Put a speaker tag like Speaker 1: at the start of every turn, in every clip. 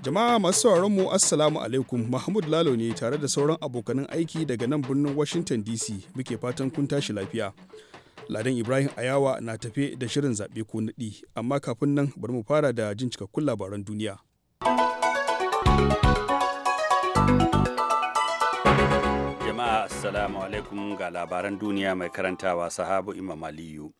Speaker 1: Jama'a masu sauraron mu Assalamu alaikum Mahmud Lalo ne tare da sauran abokanan aiki daga nan birnin Washington DC muke fatan kun tashi lafiya. Ladan Ibrahim Ayawa na tafe da shirin zaɓe ko naɗi amma kafin nan bari mu fara da jin cikakkun labaran duniya.
Speaker 2: Jama'a Assalamu alaikum ga labaran duniya mai karantawa sahabu Imam Aliyu.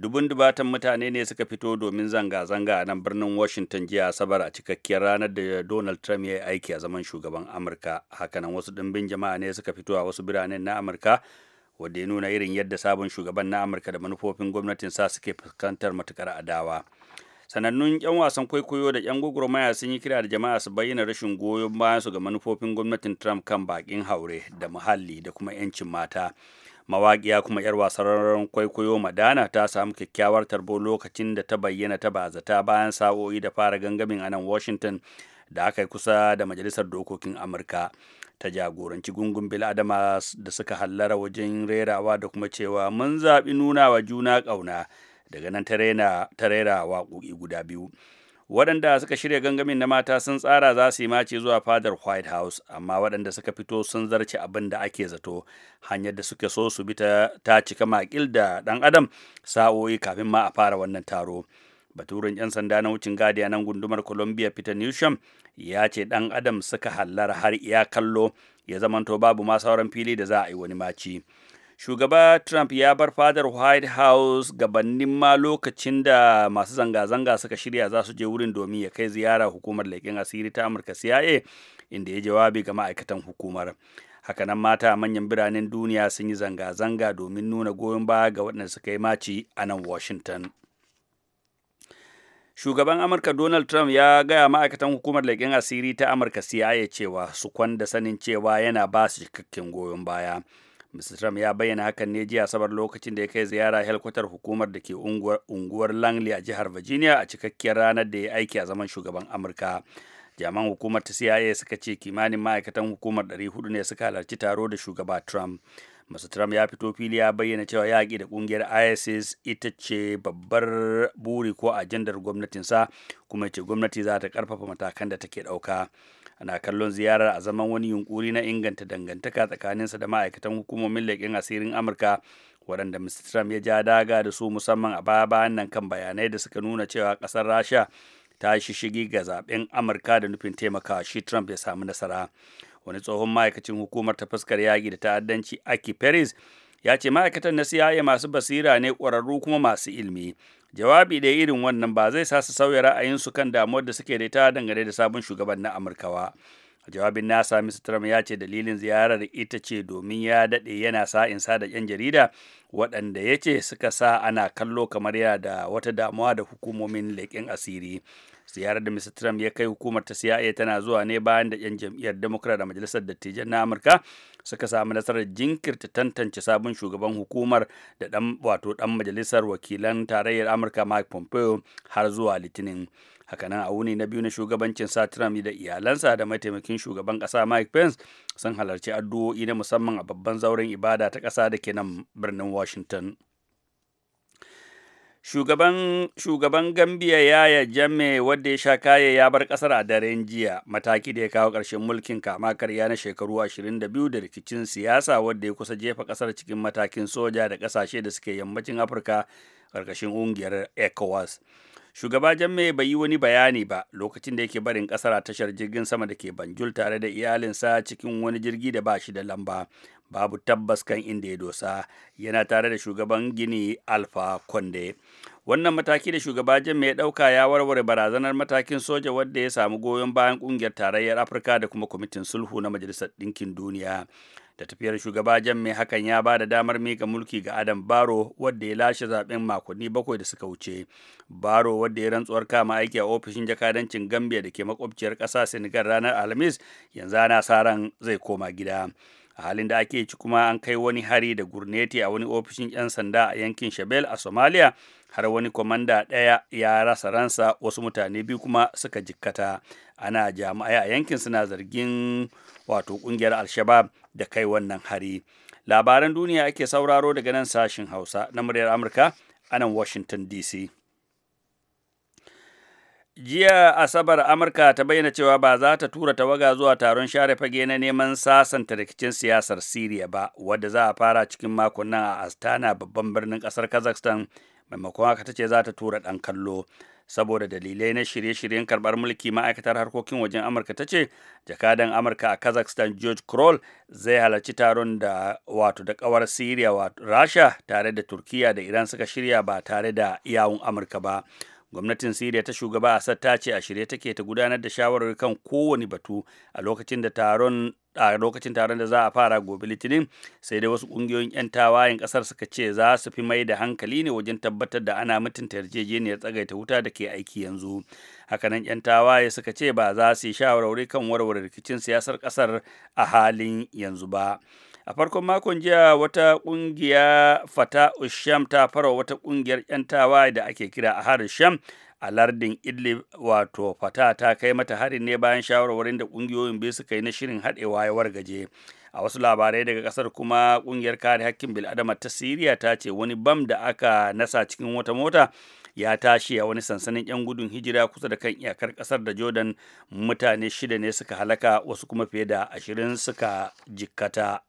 Speaker 2: dubun dubatan mutane ne suka fito domin zanga-zanga a nan birnin washington jiya asabar a cikakkiyar ranar da donald trump ya yi aiki a zaman shugaban amurka hakanan wasu ɗimbin jama'a ne suka fito a wasu biranen na amurka wadda ya nuna irin yadda sabon shugaban na amurka da manufofin gwamnatin sa suke fuskantar matukar adawa sanannun 'yan wasan kwaikwayo da 'yan gwagwarmaya sun yi kira da jama'a su bayyana rashin goyon bayan su ga manufofin gwamnatin trump kan bakin haure da muhalli da kuma 'yancin mata mawaƙiya kuma 'yar wasan kwaikwayo madana ta samu kyakkyawar tarbo lokacin da ta bayyana ta bazata bayan sa'o'i da fara gangamin a nan washington da aka yi kusa da majalisar dokokin amurka ta jagoranci gungun bil'adama da suka hallara wajen rerawa da kuma cewa mun zaɓi nuna wa juna ƙauna daga nan ta rera waƙoƙi guda biyu waɗanda suka shirya gangamin na mata sun tsara za su yi mace zuwa fadar white house amma waɗanda suka fito sun zarce abin da ake zato hanyar da suke so su bi ta cika makil da ɗan adam sa'o'i kafin ma a fara wannan taro baturin 'yan sanda na wucin gadi nan gundumar columbia peter newsham ya ce ɗan adam suka hallara har iya kallo ya zamanto babu ma sauran fili da za a yi wani maci. shugaba trump ya bar fadar white house gabanin ma lokacin da masu zanga-zanga suka shirya za su je wurin domin ya kai ziyara hukumar leƙen asiri ta amurka cia inda ya jawabi ga ma'aikatan hukumar hakanan mata manyan biranen duniya sun yi zanga-zanga domin nuna goyon baya ga waɗanda suka yi maci a nan washington shugaban amurka donald trump ya gaya ma'aikatan hukumar leƙen asiri ta amurka cia cewa su kwanda sanin cewa yana ba su cikakken goyon baya Mr. Trump ya bayyana hakan ne jiya sabar lokacin da ya kai ziyara helkwatar hukumar da ke unguwar Langley a jihar Virginia a cikakkiyar ranar da ya aiki a zaman shugaban Amurka. Jaman hukumar ta CIA suka ce kimanin ma'aikatan hukumar 400 ne suka halarci taro da shugaba Trump. Mr. Trump ya fito fili ya bayyana cewa yaƙi da ƙungiyar ISIS ita ce babbar buri ko ajandar gwamnatinsa kuma ce gwamnati za ta ƙarfafa matakan da take ɗauka. ana kallon ziyarar a zaman wani yunkuri na inganta dangantaka tsakaninsa da ma'aikatan hukumomin leƙen asirin amurka waɗanda mr trump ya ja daga da su musamman a baya bayan nan kan bayanai da suka nuna cewa ƙasar rasha ta shishigi ga zaɓen amurka da nufin taimaka shi trump ya samu nasara wani tsohon ma'aikacin hukumar ta fuskar yaƙi da ta'addanci aki peris ya ce ma'aikatan na CIA masu basira ne ƙwararru kuma masu ilmi jawabi da irin wannan ba zai sa su sauya ra'ayinsu kan damuwar da suke da ita dangane da sabon shugaban na amurkawa jawabin nasa mr trump ya ce dalilin ziyarar ita ce domin ya daɗe yana sa in sa da 'yan jarida waɗanda ya ce suka sa ana kallo kamar yana da wata damuwa da hukumomin leƙen asiri ziyarar da mr trump ya kai hukumar ta cia tana zuwa ne bayan da 'yan jam'iyyar democrat da majalisar dattijan na amurka suka samu nasarar jinkirta tantance sabon shugaban hukumar da dan wato dan majalisar wakilan tarayyar amurka mike pompeo har zuwa litinin hakanan a wuni na biyu na shugabancin sa trump da iyalansa da mataimakin shugaban kasa mike pence sun halarci addu'o'i na musamman a babban zauren ibada ta kasa da ke nan birnin washington Shugaban, shugaban Gambia Yaya Jamme wadda ya sha kaye ya bar kasar a daren jiya mataki da ya kawo ƙarshen mulkin kama karya na shekaru 22 da rikicin siyasa wadda ya kusa jefa kasar cikin matakin soja da ƙasashe da suke yammacin Afirka ƙarƙashin ƙungiyar ECOWAS. Shugaba Jamme bai yi wani bayani ba lokacin da yake barin kasar a tashar jirgin sama da ke Banjul tare da iyalinsa cikin wani jirgi da ba shi da lamba. babu tabbas kan inda ya dosa yana tare da shugaban gini alfa konde wannan mataki da shugaba mai ya ɗauka ya warware barazanar matakin soja wadda ya samu goyon bayan ƙungiyar tarayyar afirka da kuma kwamitin sulhu na majalisar ɗinkin duniya da tafiyar shugaba mai hakan ya ba da damar mika mulki ga adam baro wadda ya lashe zaben makonni bakwai da suka wuce baro wadda ya rantsuwar kama aiki a ofishin jakadancin gambia da ke makwabciyar ƙasa senegal ranar alhamis yanzu ana sa ran zai koma gida a halin da ake ci kuma an kai wani hari da gurneti a wani ofishin 'yan sanda a yankin shabel a somalia har wani kwamanda ɗaya ya rasa ransa wasu mutane biyu kuma suka jikkata ana jami'ai a yankin suna zargin wato kungiyar al-shabab da kai wannan hari labaran duniya ake sauraro daga nan sashin hausa na muryar amurka a nan washington dc Jiya Asabar Amurka ta bayyana cewa ba za ta tura tawaga zuwa taron share fage na neman sasanta rikicin siyasar Siriya ba, wadda za a fara cikin makon a Astana babban birnin kasar Kazakhstan, maimakon haka ta ce za ta tura ɗan kallo. saboda dalilai na shirye-shiryen karɓar mulki ma'aikatar harkokin wajen amurka ta ce jakadan amurka a kazakhstan george kroll zai halarci taron da wato da kawar siriya wato rasha tare da turkiya da iran suka shirya ba tare da yawun amurka ba gwamnatin siriya ta shugaba asad ta ce a shirye take ta gudanar da shawarar kan kowane batu a lokacin da taron a lokacin taron da za a fara gobe litinin sai dai wasu kungiyoyin 'yan tawayen kasar suka ce za su fi mai da hankali ne wajen tabbatar da ana mutunta yarjejeniyar tsagaita wuta da ke aiki yanzu hakanan 'yan tawaye suka ce ba za su yi shawarwari kan warware rikicin siyasar kasar a halin yanzu ba a farkon makon jiya wata kungiya fata usham ta fara wata kungiyar 'yan tawaye da ake kira a harin sham a lardin idlib wato fata ta kai mata harin ne bayan shawarwarin da kungiyoyin biyu suka yi na shirin haɗewa ya wargaje a wasu labarai daga kasar kuma kungiyar kare hakkin bil'adama ta siriya ta ce wani bam da aka nasa cikin wata mota ya tashi a wani sansanin 'yan gudun hijira kusa da kan iyakar kasar da jordan mutane shida ne suka halaka wasu kuma fiye da ashirin suka jikkata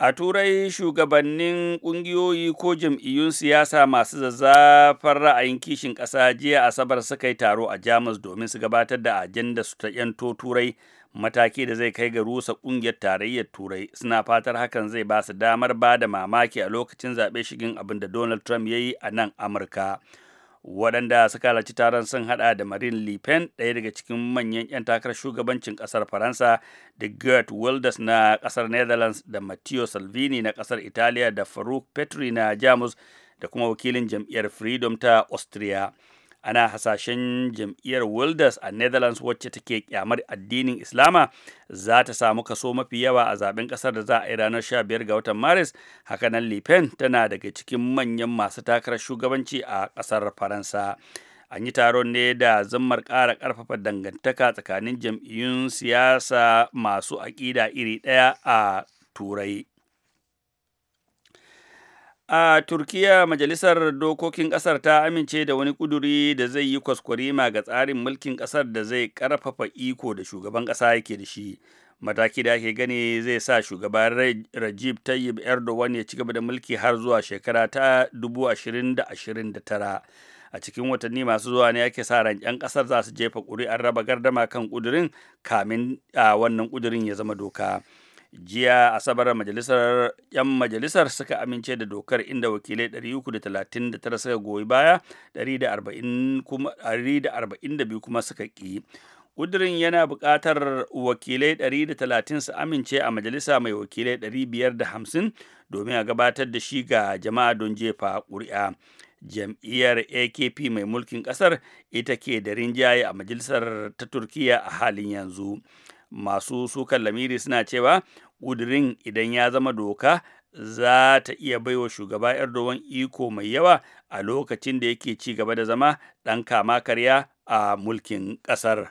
Speaker 2: A Turai shugabannin ƙungiyoyi ko jam'iyyun siyasa masu zazzafar ra'ayin kishin ƙasa jiya Asabar suka yi taro a Jamus domin su gabatar da ajanda su ta 'yanto Turai mataki da zai kai ga rusa ƙungiyar tarayyar Turai suna fatar hakan zai ba su damar ba da mamaki a lokacin zaɓe shigin abin da Donald Trump ya yi a nan Amurka. waɗanda suka halarci taron sun hada da marine le pen ɗaya daga cikin manyan 'yan takarar shugabancin ƙasar faransa da gert wilders na ƙasar netherlands da matteo salvini na ƙasar italiya da farouk petri na jamus da kuma wakilin jam'iyyar freedom ta austria ana hasashen jam'iyyar wilders a netherlands wacce take kyamar addinin islama za ta samu kaso mafi yawa a zaben kasar da za a yi ranar 15 ga watan maris hakanan le pen tana daga cikin manyan masu takarar shugabanci a kasar faransa an yi taron ne da zammar ƙara ƙarfafa dangantaka tsakanin jam'iyyun siyasa masu aƙida iri ɗaya a turai A Turkiyya Majalisar Dokokin Ƙasar ta amince da wani ƙuduri da zai yi kwaskwarima ga tsarin mulkin ƙasar da zai ƙarfafa iko da shugaban ƙasa yake da shi. Mataki da ake gani zai sa shugaban Rajib Tayyip Erdogan ya ci gaba da mulki har zuwa shekara ta 2029. A cikin watanni masu zuwa ne ake sa ran 'yan ƙasar za su jefa ƙuri'ar raba gardama kan ƙudurin kamin a wannan ƙudurin ya zama doka. jiya asabar majalisar yan majalisar suka amince da dokar inda wakilai 339 suka goyi baya 142 kuma suka ƙi ƙudurin yana buƙatar wakilai 130 su amince a majalisa mai wakilai 550 domin a gabatar da shi ga jama'a don jefa ƙuri'a jam'iyyar akp mai mulkin ƙasar ita ke da rinjaye a majalisar ta turkiya a halin yanzu masu sukan lamiri suna cewa ƙudurin idan ya zama doka za ta iya baiwa shugaba Erdogan iko mai yawa a lokacin da yake ci gaba da zama ɗan kama karya a mulkin ƙasar.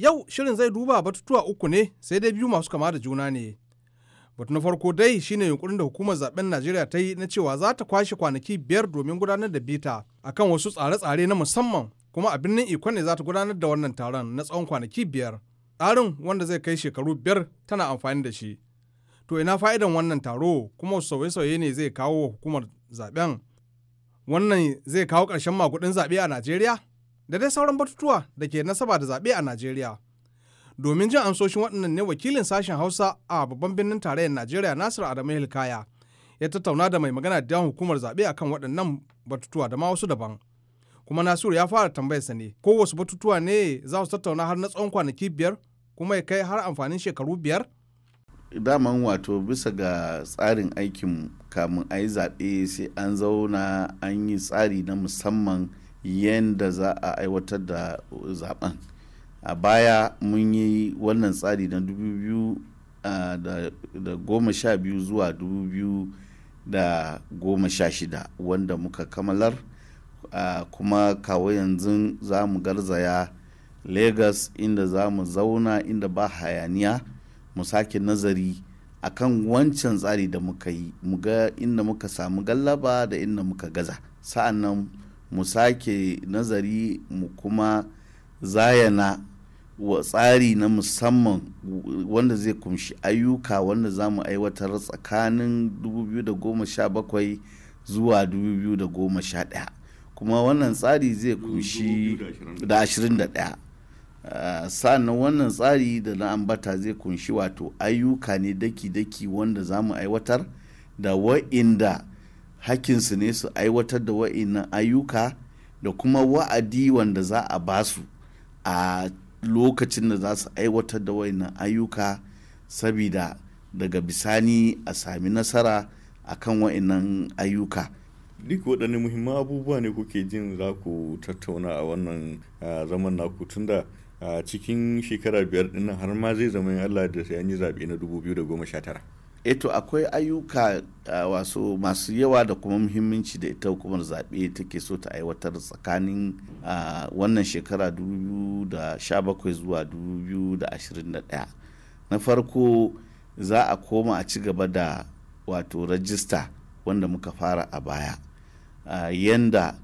Speaker 3: Yau shirin zai duba batutuwa uku ne sai dai biyu masu kama da juna ne. Batu na farko dai shine yunkurin da hukumar zaben Najeriya ta yi na cewa za ta kwashe kwanaki biyar domin gudanar da bita akan wasu tsare-tsare na musamman kuma a birnin ikon ne za ta gudanar da wannan taron na tsawon kwanaki biyar. Tsarin wanda zai kai shekaru biyar tana amfani da shi. To ina fa'idan wannan taro kuma sauye-sauye ne zai kawo hukumar zaben. Wannan zai kawo ƙarshen maguɗin zaɓe a Najeriya? da dai sauran batutuwa da ke nasaba da zaɓe a Najeriya. Domin jin amsoshin waɗannan ne wakilin sashen Hausa a babban birnin tarayyar Najeriya Nasiru Adamu Hilkaya ya tattauna da mai magana da hukumar zaɓe akan waɗannan batutuwa da ma wasu daban. Kuma Nasiru ya fara tambayar sa ne ko wasu batutuwa ne za su tattauna har na tsawon kwanaki biyar kuma ya kai har amfanin shekaru biyar?
Speaker 4: daman wato bisa ga tsarin aikin kamun a yi zaɓe sai an zauna an yi tsari na musamman yadda za a aiwatar da zaben a baya mun yi wannan tsari na 2012 zuwa 2016 wanda muka kamalar kuma kawo yanzu za mu garzaya lagos inda za mu zauna inda ba hayaniya mu sake nazari akan wancan tsari da muka yi mu inda muka samu gallaba da inda muka gaza sa'annan mu sake nazari mu kuma zayana wa tsari na musamman wanda zai kumshi ayyuka wanda za mu aiwatar tsakanin 2017 zuwa 2011 kuma wannan tsari zai kunshi da 21 ah, sannan wannan tsari da na ambata zai kunshi wato ayyuka ne daki-daki wanda za mu aiwatar da wa'inda hakinsu ne su aiwatar da wa'innan ayyuka da kuma wa'adi wanda za a ba su a lokacin da za su aiwatar da wa'innan ayyuka sabida daga bisani a sami nasara a kan wa'innan ayyuka duk waɗanne muhimman abubuwa ne kuke jin za ku tattauna a wannan zaman naku tunda a cikin shekara biyar dinnan har ma zai zama yin allah da sai an yi zaɓe na 2019 eto eh akwai ayyuka wasu masu yawa da kuma muhimmanci da ita hukumar zaɓe take so ta aiwatar tsakanin wannan shekara 2017 zuwa 2021 na farko za a koma a ci gaba da wato rajista wanda muka fara a baya yanda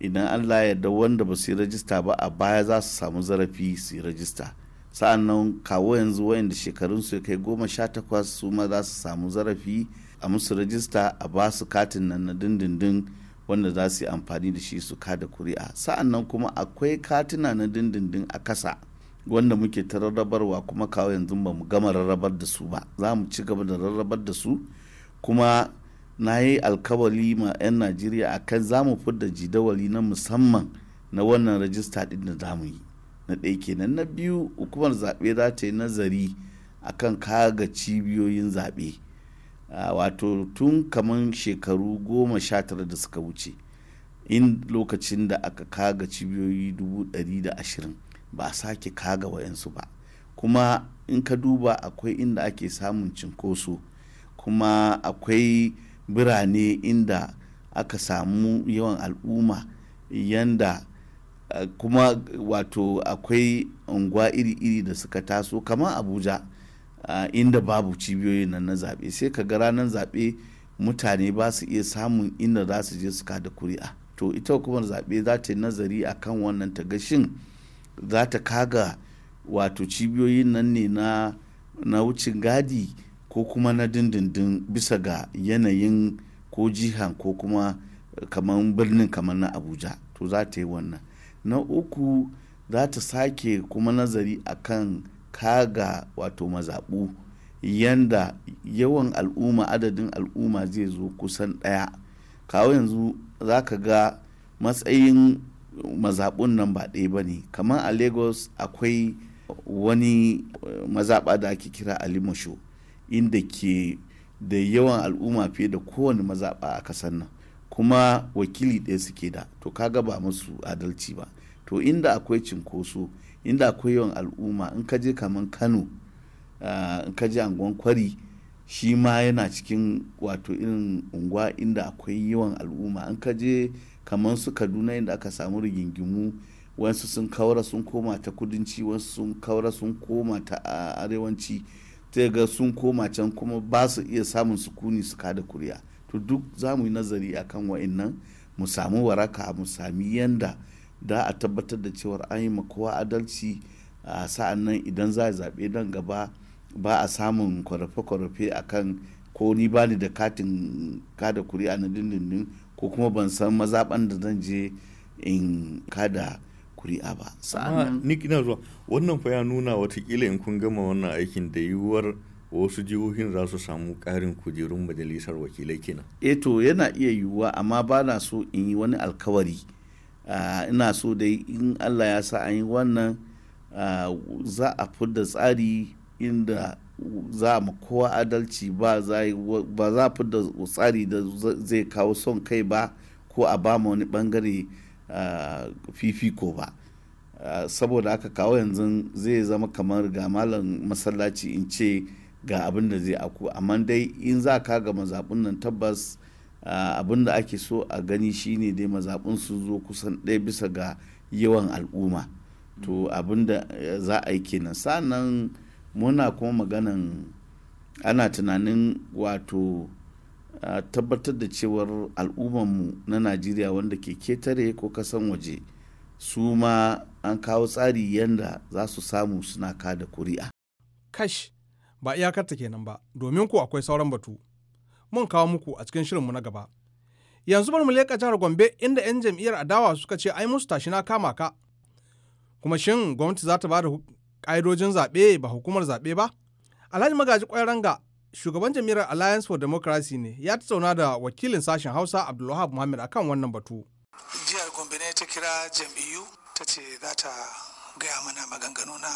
Speaker 4: idan allah yarda wanda ba su yi rajista ba a baya za su samu zarafi su yi rajista sa'annan kawo yanzu wayanda shekarunsu ya kai goma sha takwas su ma za su samu zarafi a musu rajista a ba su katin nan na dindindin wanda za su yi amfani da shi su kada kuri'a sa'an nan kuma akwai katina na dindindin a kasa wanda muke ta rarrabarwa kuma kawo yanzu ba mu gama rarrabar da su ba za mu ci gaba da rarrabar da su kuma na yi alkawali ma 'yan najeriya a kan za mu fidda jidawali na musamman na wannan rajista din da za mu yi na ɗaya kenan na biyu hukumar zaɓe za ta yi nazari akan kaga cibiyoyin zaɓe wato tun kaman shekaru goma sha tara da suka wuce in lokacin da aka kaga cibiyoyi dubu ɗari da ashirin ba a sake kaga wayansu ba kuma in ka duba akwai inda ake samun cinkoso kuma akwai birane inda aka samu yawan al'umma yanda eh, kuma wato akwai unguwa iri-iri da suka taso kamar abuja inda babu cibiyoyi nan na zaɓe sai ka ga ranar zaɓe mutane ba su iya samun inda za su je su kada kuri'a to ita kuma zaɓe za ta yi nazari a kan wannan ta ga shin za ta kaga wato cibiyoyi nan ne na na wucin gadi ko kuma na dindindin bisa ga yanayin ko jihan ko kuma kamar birnin kamar na abuja to za ta yi wannan na uku za ta sake kuma nazari a kan kaga wato mazaɓu yanda yawan al'umma adadin al'umma zai zo kusan ɗaya kawo yanzu za ka ga matsayin mazaɓun nan ba ɗaya ba ne kamar a lagos akwai wani eh, mazaɓa da ake kira alimusho inda ke da yawan al'umma fiye da kowane mazaɓa a ƙasar nan kuma wakili ɗaya suke da to kaga ba musu adalci ba to inda akwai cinkoso inda akwai yawan al'umma in ka je kamar kano in ka je anguwan kwari shi ma yana cikin wato irin unguwa inda akwai yawan al'umma in ka je kamar su kaduna inda aka samu rigingimu wasu sun kaura sun koma ta kudinci wasu sun kaura sun koma ta arewanci sai ga sun koma can kuma ba su iya samun sukuni su kada kuriya to duk za mu yi nazari akan nan mu samu waraka mu sami yanda da a tabbatar da cewar an yi kowa adalci a sa'an nan idan za a zaɓe don gaba ba a samun kwarafe-kwarafe a kan ko ni ba ni da katin kada kuri'a na dindindin ko kuma ban san mazaɓan da zan je in kada kuri'a ba sa'an ni wannan fa ya nuna watakila in kun gama wannan aikin da yiwuwar wasu jihohin za su samu ƙarin kujerun majalisar wakilai kenan. eto eh yana iya yiwuwa amma ba na so in yi wani alkawari Ah, ina so dai in allah ya sa an yi wannan ah, za a fidda tsari inda za mu kowa adalci ba za a fidda tsari da zai kawo son kai ba ko a ba mu wani bangare ah, fifiko ba saboda aka kawo yanzu zai zama kamar ga malam masallaci in ce ga abin da zai aku amma dai in za ka ga mazaɓin nan tabbas Ah, abin da ake so a gani shine dai mazaɓin su zo kusan ɗaya bisa ga yawan al'umma to abin da eh, za a yi kenan sannan muna kuma maganan ana tunanin wato ah, tabbatar da cewar mu na najeriya wanda ke ketare ko kasan waje su ma an kawo tsari yadda za su samu suna kada kuri'a
Speaker 3: kash ba iyakarta kenan ba domin ko akwai sauran batu mun kawo muku a cikin shirinmu na gaba. Yanzu bari mu leƙa jihar Gombe inda 'yan jam'iyyar adawa suka ce ai musu tashi na kama ka. Kuma shin gwamnati za ta ba da ƙa'idojin zaɓe ba hukumar zaɓe ba? Alhaji Magaji Ƙwayaranga, shugaban jam'iyyar Alliance for Democracy ne ya tattauna da wakilin sashen Hausa Abdulwahab Muhammad kan wannan batu.
Speaker 5: Jihar Gombe ne ta kira jam'iyyu ta ce za ta gaya mana maganganu na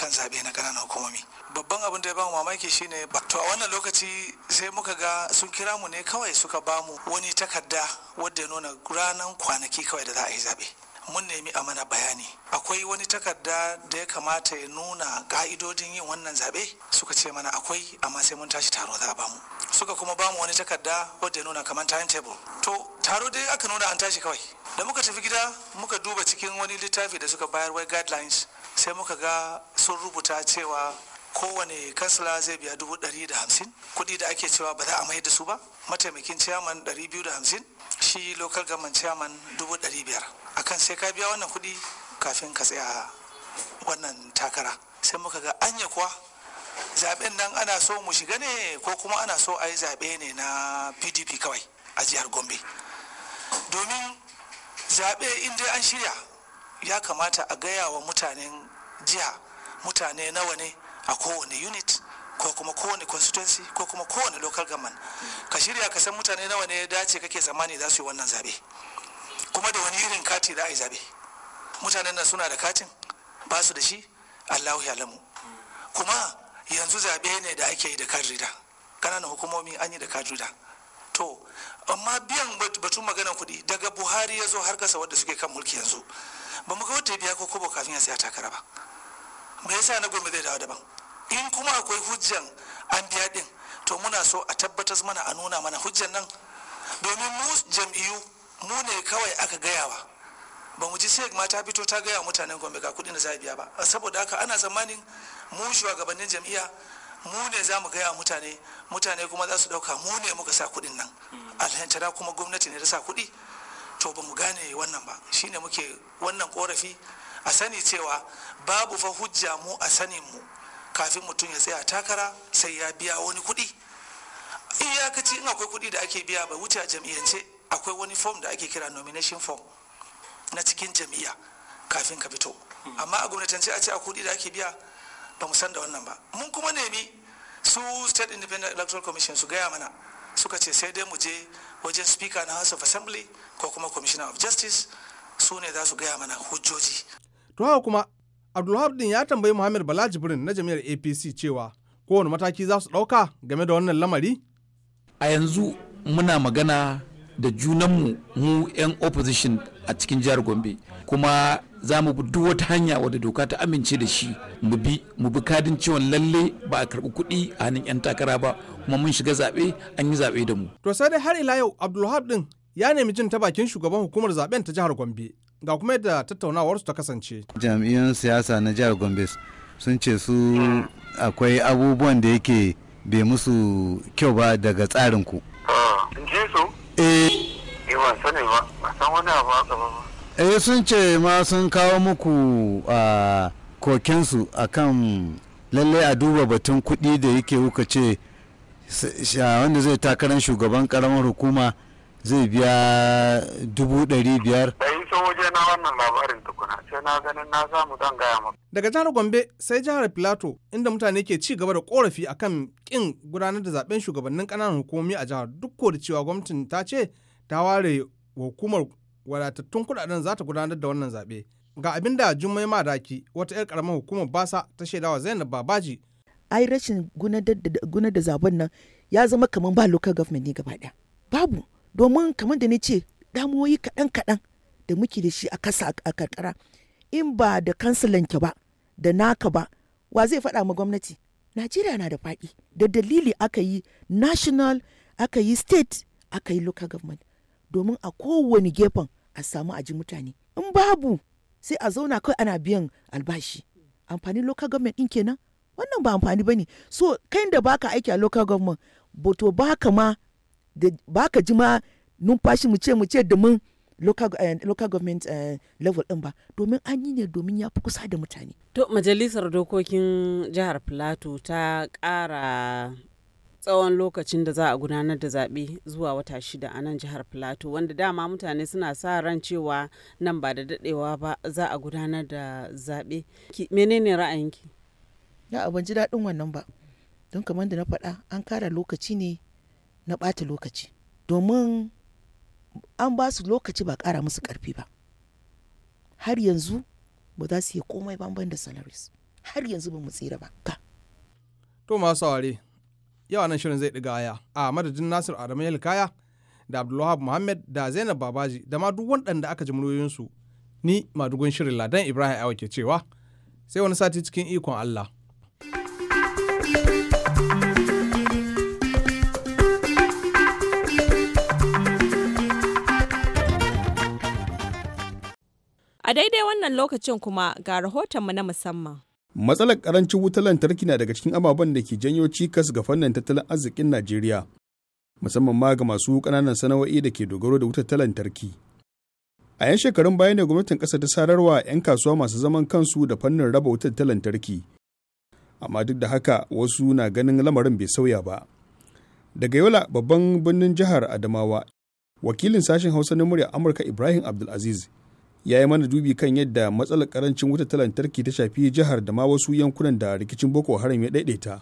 Speaker 5: kan zaɓe na ƙananan hukumomi babban abin da ya bamu mamaki shine to a wannan lokaci sai muka ga sun kira mu ne kawai suka bamu wani takarda wadda ya nuna ranar kwanaki kawai da za a yi zaɓe mun nemi a mana bayani akwai wani takarda da ya kamata ya nuna ka'idodin yin wannan zaɓe suka ce mana akwai amma sai mun tashi taro za a bamu suka kuma bamu wani takarda wadda ya nuna kamar timetable to taro dai aka nuna an tashi kawai da muka tafi gida muka duba cikin wani littafi da suka bayar wai guidelines sai muka ga sun rubuta cewa kowane kansila zai biya dubu ɗari da hamsin kuɗi da ake cewa ba za a mai da su ba mataimakin ciyaman ɗari biyu da hamsin shi lokal gaman ciyaman dubu ɗari biyar akan sai ka biya wannan kuɗi kafin ka tsaya wannan takara sai muka ga anya kuwa zaɓen nan ana so mu shiga ne ko kuma ana so a yi zaɓe ne na pdp kawai a jihar gombe domin zaɓe inda an shirya ya kamata a gaya wa mutanen jiha mutane nawa ne a kowane unit ko kuma kowane constituency ko kuma kowane local government ka shirya ka san mutane nawa ne ya dace kake tsammani za su yi wannan zabe kuma da wani irin kati za a yi zabe mutanen nan suna da katin ba su da shi allahu ya lamu kuma yanzu zabe ne da ake yi da kadrida kananan hukumomi an yi da kadrida to amma biyan batun maganar kuɗi daga buhari ya zo har kasa wadda suke kan mulki yanzu ba mu ga wata biya ko kobo kafin ya saya takara ba me yasa na gobe zai dawo daban in kuma akwai hujjan an biya din to muna so a tabbatar mana a nuna mana hujjan nan domin mu jam'iyyu mu ne kawai aka gayawa ba mu ji sai mata fito ta gaya mutanen gombe ga kuɗin da za a biya ba saboda haka ana tsammanin mu shugabannin jam'iyya mu ne za mu gaya mutane mutane kuma za su ɗauka mu ne muka sa kuɗin nan alhantara kuma gwamnati ne ta sa kuɗi to ba mu gane wannan ba shine muke wannan korafi a sani cewa babu fa hujja mu a sanin mu kafin mutum ya tsaya takara sai ya biya wani kuɗi iyakaci in akwai kuɗi da ake biya ba wuce a jam'iyyance akwai wani fom da ake kira nomination fom na cikin jam'iyya kafin ka fito hmm. amma a gwamnatance a ce a kuɗi da ake biya ba mu san da wannan ba mun kuma nemi su state independent electoral commission su gaya mana suka ce sai dai mu je wajen speaker na house of assembly ko kuma commissioner of justice su ne za su gaya mana hujjoji
Speaker 3: to haka kuma abdulwahab din ya tambayi muhammad bala jibrin na jami'ar apc cewa kowane mataki za su ɗauka game da wannan lamari
Speaker 5: a yanzu muna magana da junanmu mu 'yan opposition a cikin jihar gombe kuma za mu bi duk wata hanya wadda doka ta amince da shi
Speaker 4: mu bi mu bi kadin ciwon lalle ba a karbi kuɗi a hannun 'yan takara ba kuma mun shiga zaɓe an yi zaɓe da mu.
Speaker 3: to sai dai har ila yau abdulwahab din ya nemi jin ta bakin shugaban hukumar zaben ta jihar gombe ga kuma yadda tattaunawar su ta kasance.
Speaker 4: jami'an siyasa na jihar gombe sun ce su akwai abubuwan da yake bai musu kyau ba daga tsarin ku.
Speaker 6: Ah, in je su? eh. eh ba sani ba ba san wani abu ba
Speaker 4: eh sun ce ma sun kawo muku a kokensu akan lallai a duba batun kudi da yake kuka ce wanda zai takarar shugaban karamar hukuma zai biya dubu ɗari biyar. Da
Speaker 2: yi waje na wannan labarin tukuna sai na ganin na samu don gaya maka.
Speaker 3: Daga jihar Gombe sai jihar Filato inda mutane ke ci gaba da korafi akan kin gudanar da zaben shugabannin kananan hukumomi a jihar duk da cewa gwamnatin ta ce ta ware hukumar wadatattun kuɗaɗen za ta gudanar da wannan zaɓe. Ga abin da Jummai Madaki wata 'yar ƙaramar hukumar basa
Speaker 6: ta shaidawa Zainab Babaji. Ai rashin gunar da zaben nan ya zama kamar ba local government ne gaba ɗaya. Babu domin kamar da ni ce damuwoyi kaɗan-kaɗan da muke da shi a kasa a karkara in ba da kansilanki ba da naka ba wa zai faɗa ma gwamnati najeriya na da faɗi da dalili aka yi national aka yi state aka yi local government domin a kowane gefen a samu aji mutane in babu sai a zauna kai ana biyan albashi amfani local government din kenan wannan ba amfani bane so kai da baka aiki a local government boto baka ma da baka ji ma numfashi mu ce mu ce da mun eh, local, government eh, level din ba domin an yi ne domin ya fi kusa da mutane. To majalisar dokokin jihar Plateau ta kara. tsawon lokacin da za a gudanar da zaɓe zuwa wata shida a nan jihar Filato wanda dama mutane suna sa ran cewa nan ba da daɗewa ba za a gudanar da zaɓe. Menene ra'ayinki? Na ban ji daɗin wannan ba. Don kamar da na faɗa an kara lokaci ne na ɓata lokaci. Domin an ba su lokaci ba ƙara musu ƙarfi ba. Har yanzu ba za su yi komai ban da salaris Har yanzu ba mu tsira ba.
Speaker 3: To masu saurare. yau nan shirin zai ɗiga aya a madadin Nasir Adamu Yalkaya da Abdullahab Muhammad da Zainab Babaji da ma duk waɗanda aka ji muryoyinsu ni madugun shirin Ladan Ibrahim Awa ke cewa sai wani sati cikin ikon Allah.
Speaker 6: A daidai wannan lokacin kuma ga rahotonmu na musamman.
Speaker 1: Matsalar karancin wutar lantarki na daga cikin ababen da ke janyo cikas ga fannin tattalin arzikin Najeriya, musamman ma ga masu ƙananan sana'o'i da ke dogaro da wutar ta lantarki. A 'yan shekarun baya ne gwamnatin ƙasa ta sararwa 'yan kasuwa masu zaman kansu da fannin raba wutar ta lantarki. Amma duk da haka wasu na ganin lamarin bai sauya ba. Daga Yola babban birnin jihar Adamawa, wakilin sashen Hausa na murya Amurka Ibrahim Abdulaziz ya yi mana dubi kan yadda matsalar karancin wutar lantarki ta shafi jihar da ma wasu yankunan da rikicin boko haram ya daidaita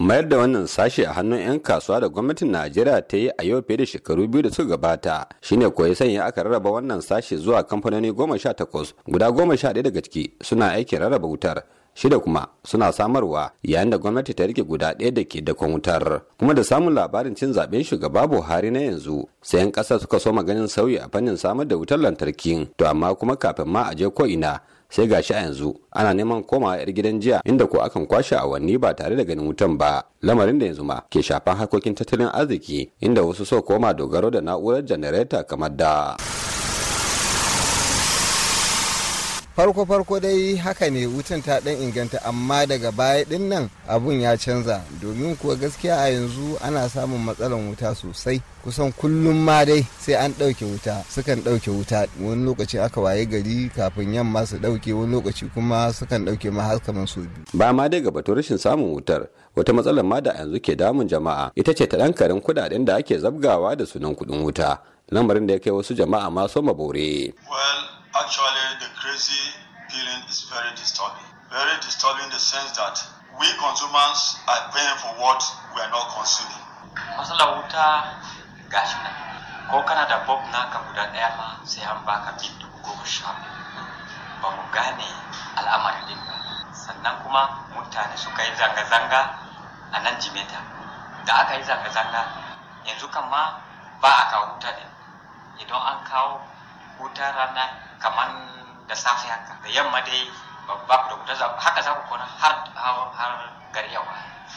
Speaker 7: mayar da wannan sashe a hannun 'yan kasuwa da gwamnatin najeriya ta yi a yau fiye da shekaru biyu da suka gabata shine koyi sanya aka rarraba wannan sashe zuwa kamfanoni goma sha takwas guda goma sha ɗaya daga ciki suna aikin rarraba wutar shida kuma suna samarwa yayin da gwamnati ta rike guda ɗaya da ke dakon wutar kuma da samun labarin cin zaben shugaba buhari na yanzu sai yan ƙasa suka so maganin sauyi a fannin samar da wutar lantarki to amma kuma kafin ma a je ko ina sai gashi a yanzu ana neman komawa yar gidan jiya inda ko akan kwashe awanni ba tare da ganin wutan ba lamarin da yanzu ma ke shafan harkokin tattalin arziki inda wasu so koma dogaro da na'urar janareta kamar da farko farko dai haka ne wutan ta dan inganta amma daga baya din nan abun ya canza domin kuwa gaskiya a yanzu ana samun matsalan wuta sosai kusan kullum ma dai sai an ɗauke wuta sukan ɗauke wuta wani lokaci aka waye gari kafin yamma su ɗauke wani lokaci kuma sukan ɗauke ma har kamar su biyu. ba ma dai gaba rashin samun wutar wata matsalar ma da yanzu ke damun jama'a ita ce ta ɗan karin kuɗaɗen da ake zabgawa da sunan kuɗin wuta lamarin da ya kai wasu jama'a ma soma bore. Actually, the crazy feeling is very disturbing. Very disturbing in the sense that we consumers are paying for what we are not consuming. Masala wuta gashna. nan. Ko kana da bob naka guda ɗaya ma sai an baka bin dubu goma sha Sannan kuma mutane suka yi zanga-zanga a nan jimeta. Da aka yi zanga-zanga yanzu kan ma ba a kawo wuta ɗin. Idan an kawo ko ta rana kamar da safe haka da yamma dai babba da kuta haka za ku kona har har gari yawa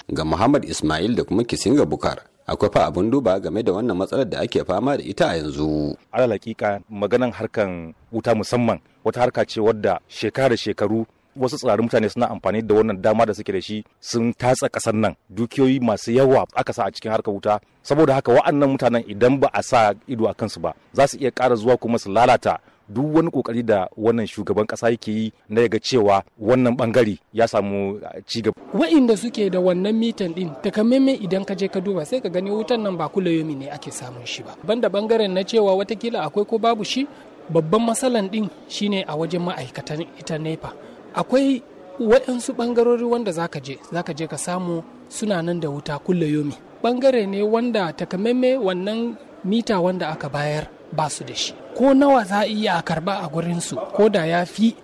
Speaker 7: ga Muhammad Ismail da kuma Kisinga Bukar akwai fa abin duba game da wannan matsalar da ake fama da ita a yanzu. Alal hakika maganan harkan wuta musamman wata harka ce wadda shekara shekaru wasu tsirarin mutane suna amfani da wannan dama da suke da shi sun tatsa kasar nan dukiyoyi masu yawa aka sa a cikin harkar wuta saboda haka wa'annan mutanen idan ba a sa ido a kansu ba za su iya kara zuwa kuma su lalata duk wani kokari da wannan shugaban kasa yake yi na yaga cewa wannan bangare ya samu ci gaba.
Speaker 5: Wa'inda suke da wannan mitan din takamaimai idan ka je ka duba sai ka gani wutan nan ba kula yomi ne ake samun shi ba. Banda bangaren na cewa watakila akwai ko babu shi babban matsalan din shine a wajen ma'aikatan ita nepa. akwai waɗansu ɓangarori wanda zaka je zaka je ka samu suna nan da wuta kulle yomi ɓangare ne wanda takamaime wannan mita wanda aka bayar ba su da shi ko nawa za a iya karɓa a gurinsu ko da ya fi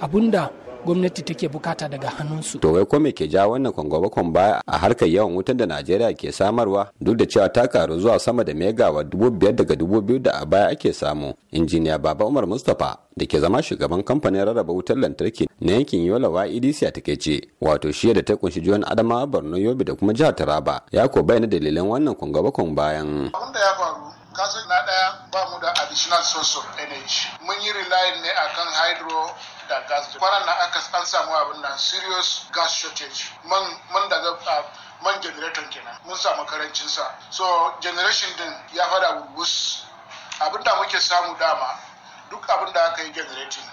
Speaker 5: abunda gwamnati take bukata daga hannunsu.
Speaker 7: To wai ko me ke ja wannan kwangwabakon baya a harkar yawan wutan da Najeriya ke samarwa duk da cewa ta karu zuwa sama da megawa dubu biyar daga dubu biyu da a baya ake samu. Injiniya Baba Umar Mustapha da ke zama shugaban kamfanin rarraba wutar lantarki na yankin Yola EDC a takaice wato shiya da ta kunshi juwan Adamawa Borno Yobe da kuma jihar Taraba ya ko bayyana dalilan wannan kwangwabakon bayan. Abin ya faru kasan na daya ba mu da additional source of energy mun
Speaker 1: yi rely ne akan hydro da gas kwanan na aka an samu abin nan serious gas shortage man daga man generator kenan mun samu karancin sa so generation din ya fada wus abin da muke samu dama duk abin da aka yi generating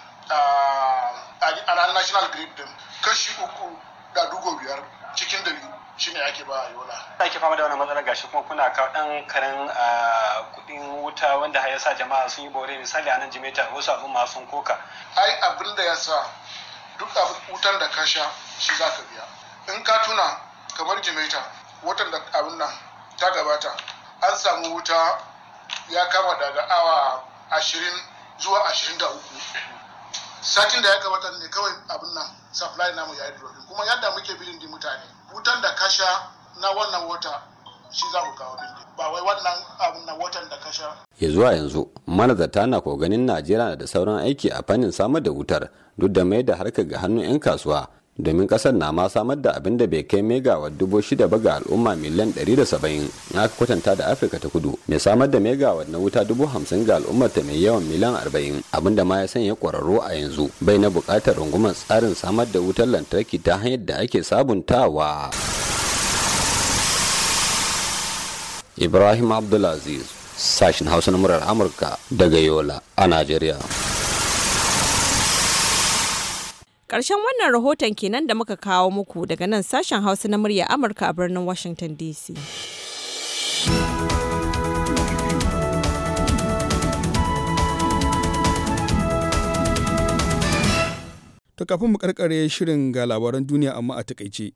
Speaker 1: a national grid din kashi uku
Speaker 7: da dugo biyar cikin dari
Speaker 1: shi ne ake ba a yola.
Speaker 7: ake fama da wannan matsalar gashi kuma kuna kawo ɗan karen kuɗin wuta wanda ya sa jama'a sun yi bore misali a nan jimeta wasu abin ma sun koka. ai abin da ya sa duk abin wutan da ka sha shi
Speaker 1: za ka biya in ka tuna kamar jimeta watan da abin nan ta gabata an samu wuta ya kama daga awa ashirin zuwa ashirin da uku satin da ya gabata ne kawai abin nan supply namu ya yi kuma yadda muke bilin di mutane wutan da ka na wannan wata shi za ku kawo bindi ba wai wannan abin
Speaker 7: na watan da ka ya zuwa yanzu manazarta na ko ganin najeriya na da sauran aiki a fannin samar da wutar duk da mai da harka ga hannun 'yan kasuwa domin kasar na ma samar da abin da bai kai megawa dubu shida ba ga al'umma miliyan 170 aka kwatanta da afirka ta kudu mai samar da megawa na wuta dubu hamsin ga al'ummar ta mai yawan miliyan 40 abin da ma ya sanya kwararru a yanzu bai na bukatar rungumar tsarin samar da wutar lantarki ta hanyar da ake sabuntawa ibrahim abdulaziz sashin hausa na murar amurka daga yola a najeriya
Speaker 6: Ƙarshen wannan rahoton kenan da muka kawo muku daga nan sashen Hausa na murya Amurka a birnin Washington DC.
Speaker 1: To kafin mu karkare shirin ga labaran duniya amma
Speaker 2: a takaice.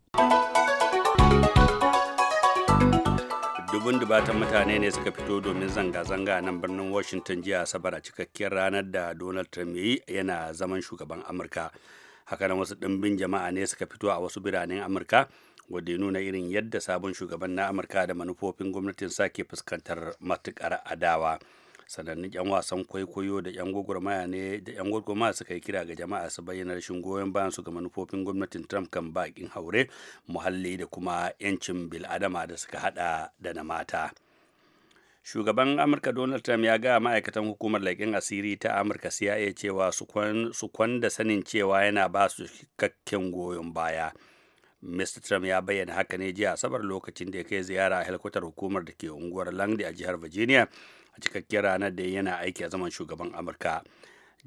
Speaker 2: dubun dubatan mutane ne suka fito domin zanga-zanga nan birnin washington jiya asabar a cikakkiyar ranar da donald trump ya yana zaman shugaban amurka hakanan wasu ɗimbin jama'a ne suka fito a wasu biranen amurka wadda ya nuna irin yadda sabon shugaban na amurka da manufofin gwamnatin sake fuskantar matukar adawa sanannun yan wasan kwaikwayo da yan gwagwarmaya ne da yan gwagwarmaya suka yi kira ga jama'a su bayyana rashin goyon bayan su ga manufofin gwamnatin trump kan bakin haure muhalli da kuma yancin bil'adama da suka hada da na mata. shugaban amurka donald trump ya ga ma'aikatan hukumar laƙin asiri ta amurka cia cewa su kwanda sanin cewa yana ba su cikakken goyon baya mr trump ya bayyana haka ne jiya asabar lokacin da ya kai ziyara a helikwatar hukumar da ke unguwar langley a jihar virginia a cikakken ranar da yana aiki a zaman shugaban amurka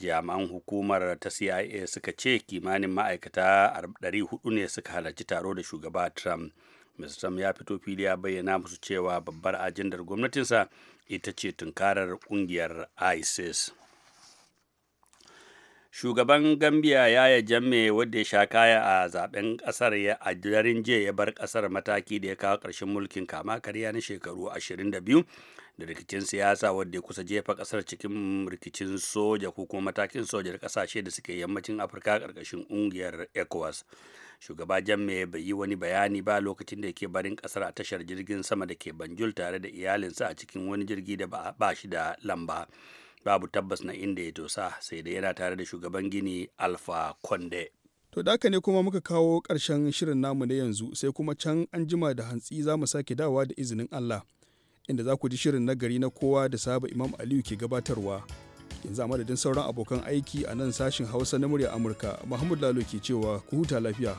Speaker 2: jami'an hukumar ta cia suka ce kimanin ma'aikata 400 ne suka halarci taro da shugaba trump mr trump ya fito fili ya bayyana musu cewa babbar ajandar gwamnatinsa ita ce tunkarar kungiyar isis shugaban gambia yi jamme wadda ya sha kaya a zaben kasar ya a daren jiya ya bar kasar mataki da ya kawo ƙarshen mulkin kama karya na shekaru 22 da rikicin siyasa wadda ya kusa jefa kasar cikin rikicin soja ko kuma matakin soja da kasashe da suke yammacin afirka ƙarƙashin ƙungiyar ecowas shugaba jamme bai yi wani bayani ba lokacin da yake barin kasar a tashar jirgin sama da ke banjul tare da iyalinsa a cikin wani jirgi da ba shi da lamba babu tabbas na inda ya tosa sai da yana tare da shugaban gini alfa konde
Speaker 1: to da ne kuma muka kawo karshen shirin namu na yanzu sai kuma can an jima da hantsi za mu sake dawa da izinin allah inda za ku ji shirin nagari na kowa da saba imam aliyu ke gabatarwa yanzu a madadin sauran abokan aiki a nan sashin hausa na murya amurka muhammadu lalo ke cewa ku huta lafiya